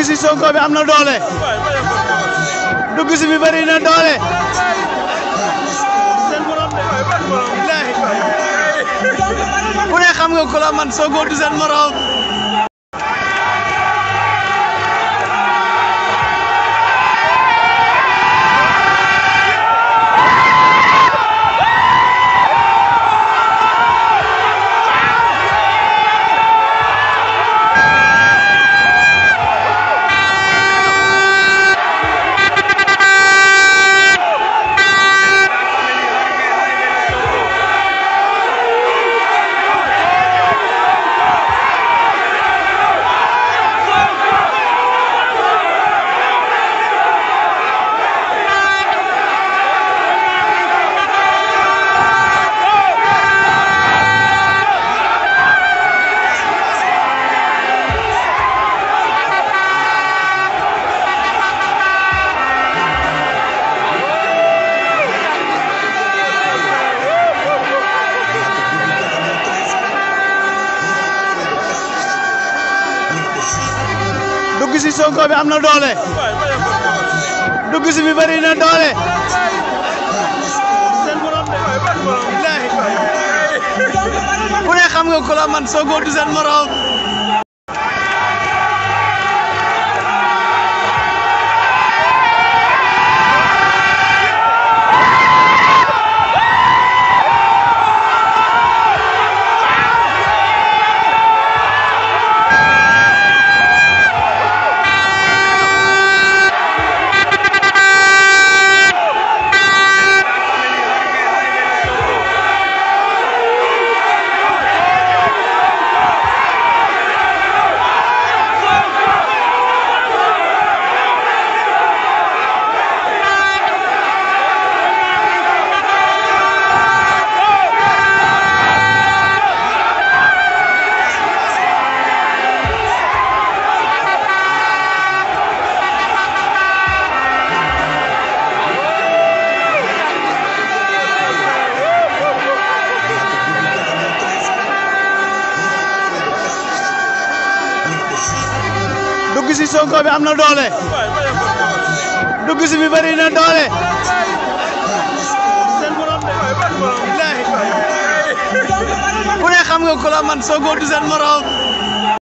dugg si Sonko bi am na doole dugg si bi bëri na doole ku ne xam nga ku la man Sonko du seen morom dugg si Sonko bi am na doole dugg si bi bëri na doole ku ne xam nga ku la man Sonko du seen morom dugg si Sonko bi am na doole dugg si bi bëri na doole ku ne xam nga ku la man Sonko du seen morom